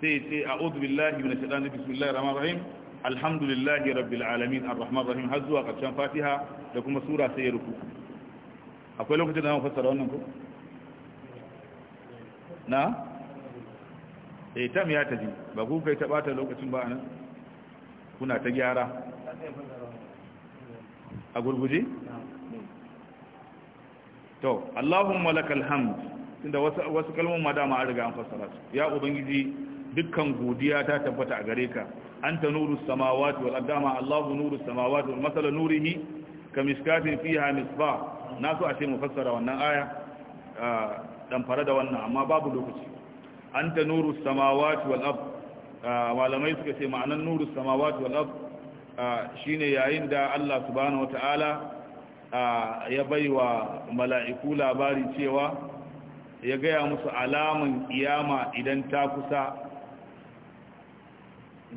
sai ce a'udhu billahi minash shaitani bismillahir rahmanir rahim alhamdulillahi rabbil alamin arrahmanir rahim har zuwa karshen fatiha da kuma sura sai ya ruku akwai lokacin da zan fassara wannan ko na eh tam ya tafi ba ku kai ta bata lokacin ba anan kuna ta gyara a gurguje to allahumma lakal hamd tunda wasu kalmomin ma dama an riga an fassara su ya ubangiji dukkan godiya ta tabbata a gare ka anta nuru samawati wal adama allahu nuru samawati wal masal nurihi kamiskatin fiha misbah na so a ce mu fassara wannan aya dan fara da wannan amma babu lokaci anta nuru samawati wal ab malamai suka ce ma'anan nuru samawati wal ab shine yayin da Allah subhanahu wataala ya wa mala'iku labari cewa ya gaya musu alaman kiyama idan ta kusa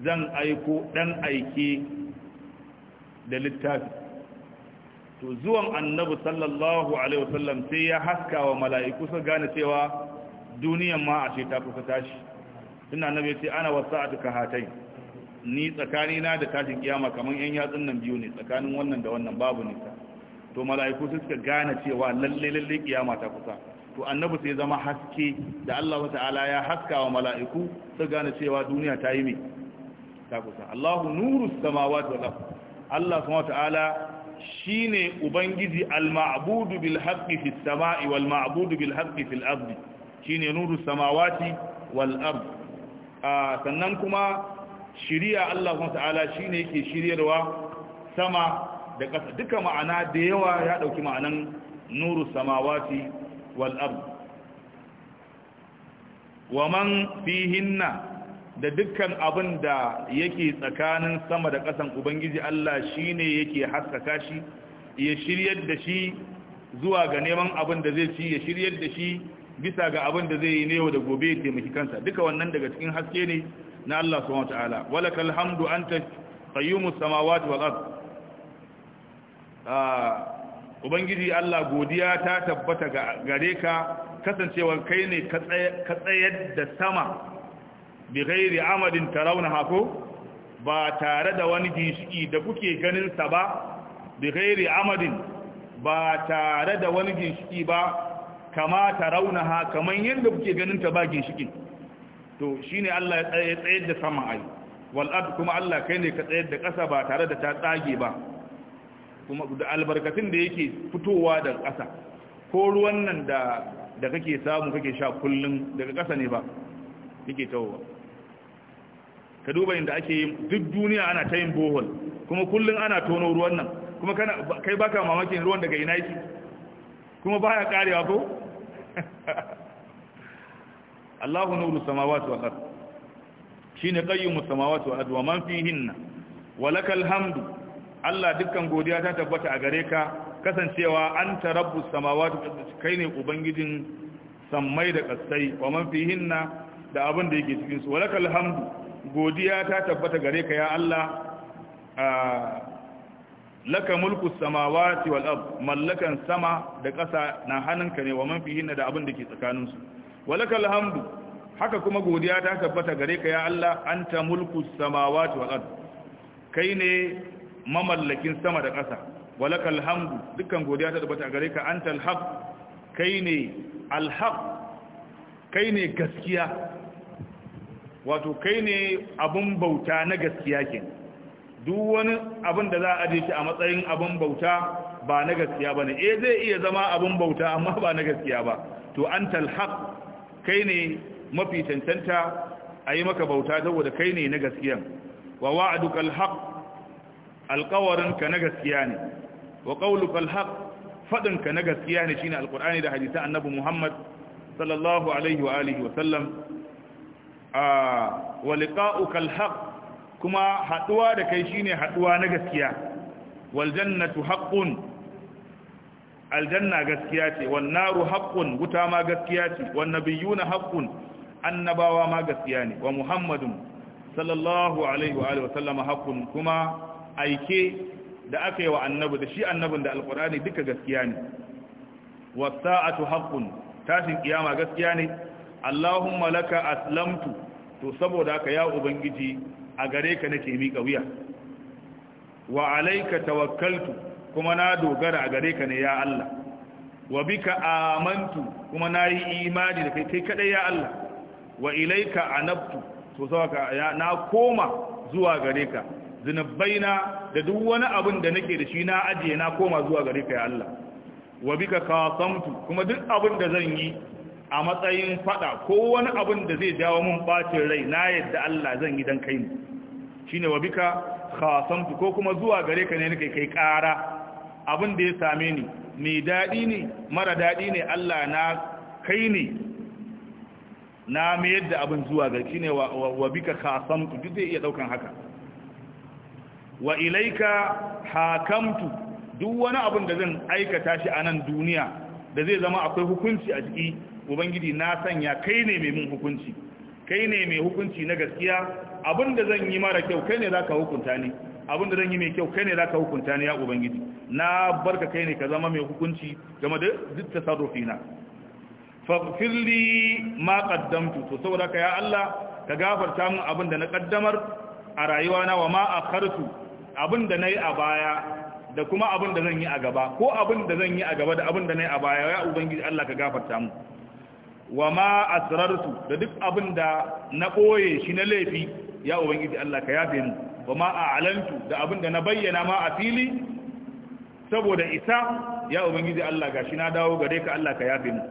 zan aiko dan aike da littafi to zuwan annabi sallallahu alaihi wasallam sai ya haska wa mala'iku su gane cewa duniyan ma a ce ta kusa tashi tunda annabi ya ce ana wasa'atu ka hatai ni tsakani na da tashin kiyama kaman yan yatsun nan biyu ne tsakanin wannan da wannan babu nisa to mala'iku suka gane cewa lalle lalle kiyama ta kusa to annabi sai zama haske da Allah ta'ala ya haska wa mala'iku su gane cewa duniya ta yi mai ta kusa Allahu nuru samawati wal ardh Allah subhanahu ta'ala shine ubangiji al-ma'budu bil haqqi fis sama'i wal ma'budu bil haqqi fil ardi shine nuru samawati wal ardh sannan kuma shiriya Allah subhanahu ta'ala shine yake shiryarwa sama da ƙasa duka ma'ana da yawa ya dauki ma'anan nuru samawati wa man fihinna da dukkan abin da yake tsakanin sama da ƙasan ubangiji Allah shine yake haskaka shi ya shiryar da shi zuwa ga neman abin da zai ci ya shiryar da shi bisa ga abin da zai yi ne da gobe ya taimaki kansa duka wannan daga cikin haske ne na Allah subhanahu wataala walakal hamdu anta qayyumus samawati wal ard ah, ubangiji Allah godiya ta tabbata gare ka kasancewar kai ne ka tsayar da sama bi ghairi amadin tarawna hako ba tare da wani ginshiki da kuke ganin sa ba bi ghairi amadin ba tare da wani ginshiki ba kama tarawna ha kaman yanda kuke ganin ta ba ginshikin to shine Allah ya tsayar da sama ai wal ard kuma Allah kai ne ka tsayar da kasa ba tare da ta tsage ba kuma da albarkatun da yake fitowa daga ƙasa ko ruwan nan da da kake samu kake sha kullum daga ƙasa ne ba yake tawowa ka duba inda ake yin duk duniya ana ta yin bohol kuma kullum ana tono ruwan nan kuma kana kai baka mamakin ruwan daga ina yake kuma baya karewa ko Allahu nuru samawati wal ard shine qayyimu samawati wal ard wa man fihinna walakal hamdu Allah dukkan godiya ta tabbata a gare ka kasancewa an tarabbu samawa kai ne ubangijin sammai da kasai wa man fihinna da abin da yake cikin su walakal hamdu godiya ta tabbata gare ka ya Allah laka mulku samawati wal ard mallakan sama da ƙasa na hannunka ne wa man fihinna da abin da ke tsakanin su walakal hamdu haka kuma godiya ta tabbata gare ka ya Allah anta mulku samawati wal ard kai ne mamallakin sama da ƙasa walakal hamdu dukkan godiya ta tabbata gare ka antal haq kai ne alhaq kai ne gaskiya wato kai ne abun bauta na gaskiya ke duk wani abin da za a aje shi a matsayin abun bauta ba na gaskiya ne? E, zai iya zama abun bauta amma ba na gaskiya ba to antal haq kai ne mafi tantanta a yi maka bauta saboda kai ne na gaskiya wa wa'adukal haq alƙawarinka na gaskiya ne wa ƙauluka alhaq faɗinka na gaskiya ne shi ne alƙur'ani da hadisa annabi muhammad sallallahu alaihi wa alihi wa sallam wa haƙ kuma haɗuwa da kai shi ne haɗuwa na gaskiya wal jannatu haqqun aljanna gaskiya ce wannaru naru wuta ma gaskiya ce wan nabiyuna haqqun annabawa ma gaskiya ne wa muhammadun sallallahu alaihi wa alihi wa sallama haqqun kuma aike da aka yi wa annabi da shi annabin da alkur'ani duka gaskiya ne wasa'atu haqqun tashin kiyama gaskiya ne Allahumma laka aslamtu to saboda haka ya ubangiji a gare ka nake miƙa wuya wa alayka tawakkaltu kuma na dogara a gare ka ne ya Allah wa bika amantu kuma na yi imani da kai kai ya Allah wa ilayka anabtu to saboda na koma zuwa gare ka zinabbaina da duk wani abin da nake da shi na ajiye na koma zuwa gare ka ya Allah wa bika qasamtu kuma duk abin da zan yi a matsayin fada ko wani abin da zai jawo mun bacin rai na yadda Allah zan yi dan kai ne shine wa bika qasamtu ko kuma zuwa gare ka ne nake kai ƙara abin da ya same ni mai daɗi ne mara daɗi ne Allah na kai ne na mayar da abin zuwa ga shine wa bika kasamtu duk zai iya daukan haka wa ilaika hakamtu duk wani abin da zan aikata shi a nan duniya da zai zama akwai hukunci a ciki ubangiji na sanya kai ne mai mun hukunci kai ne mai hukunci na gaskiya abin da zan yi mara kyau kai ne za ka hukunta ni abin da zan yi mai kyau kai ne za ka hukunta ni ya ubangiji na barka kai ne ka zama mai hukunci game da duk tasarrufi na faghfir ma qaddamtu to saboda ka ya Allah ka gafarta min abin da na kaddamar a rayuwana wa ma akhartu abin da na a baya da kuma abin da zan yi a gaba ko abin da zan yi a gaba da abin da na yi a baya ya ubangiji Allah ka gafarta mu wa ma asrartu da duk abin da na koye shi na laifi ya ubangiji Allah ka yafe mu wa ma a'lantu da abin da na bayyana ma a fili saboda isa ya ubangiji Allah gashi na dawo gare ka Allah ka yafe mu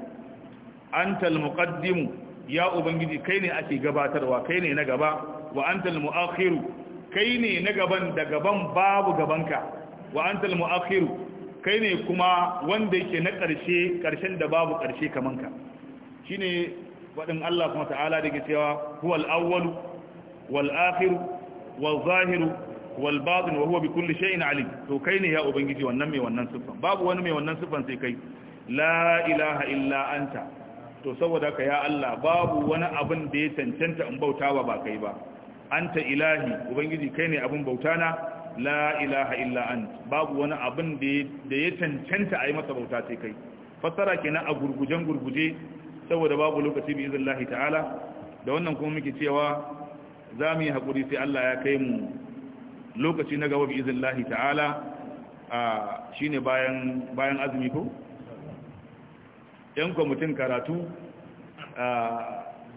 antal muqaddimu ya ubangiji kai ne ake gabatarwa kai ne na gaba wa antal muakhiru kai ne na gaban da gaban babu gabanka wa antal mu'akhiru kai ne kuma wanda yake na ƙarshe ƙarshen da babu ƙarshe kamanka shine faɗin Allah kuma ta'ala da ke cewa huwal awwalu wal akhiru wal zahiru wal batin wa huwa bi kulli shay'in alim to kai ne ya ubangiji wannan mai wannan siffan babu wani mai wannan siffan sai kai la ilaha illa anta to saboda ka ya Allah babu wani abin da ya cancanta in bautawa ba kai ba anta ilahi ubangiji kai ne abin bauta na la ilaha illa an babu wani abin da ya cancanta a yi masa bauta sai kai fassara kenan a gurgujen gurguje saboda babu lokaci bi iznillahi ta'ala da wannan kuma muke cewa za mu yi haƙuri sai Allah ya kai mu lokaci na gaba bi iznillahi ta'ala a shine bayan bayan azumi ko yan kwamitin karatu a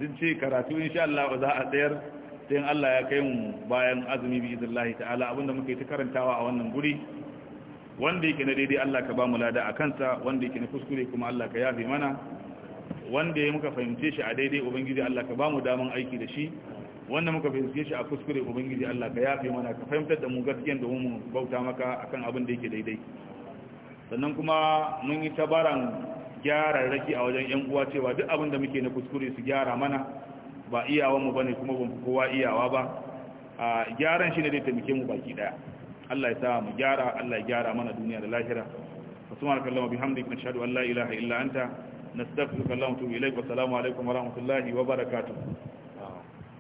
din ce karatu insha Allah za a tsayar sai Allah ya kai mu bayan azumi bi idillahi ta'ala abinda muke ta karantawa a wannan guri wanda yake na daidai Allah ka ba mu lada a kansa wanda yake na kuskure kuma Allah ka yafe mana wanda ya muka fahimce shi a daidai ubangiji Allah ka ba mu daman aiki da shi wanda muka fahimce shi a kuskure ubangiji Allah ka yafe mana ka fahimtar da mu gaskiya domin mu bauta maka akan abin da yake daidai sannan kuma mun yi tabaran gyararraki a wajen yan uwa cewa duk abin da muke na kuskure su gyara mana ba iyawan mu bane kuma ban kowa iyawa ba a gyaran shi shine zai taimake mu baki daya Allah ya sa mu gyara Allah ya gyara mana duniya da lahira subhanaka allahumma bihamdika nashhadu an la ilaha illa anta nastaghfiruka wa natubu ilayk wa assalamu alaikum wa rahmatullahi wa barakatuh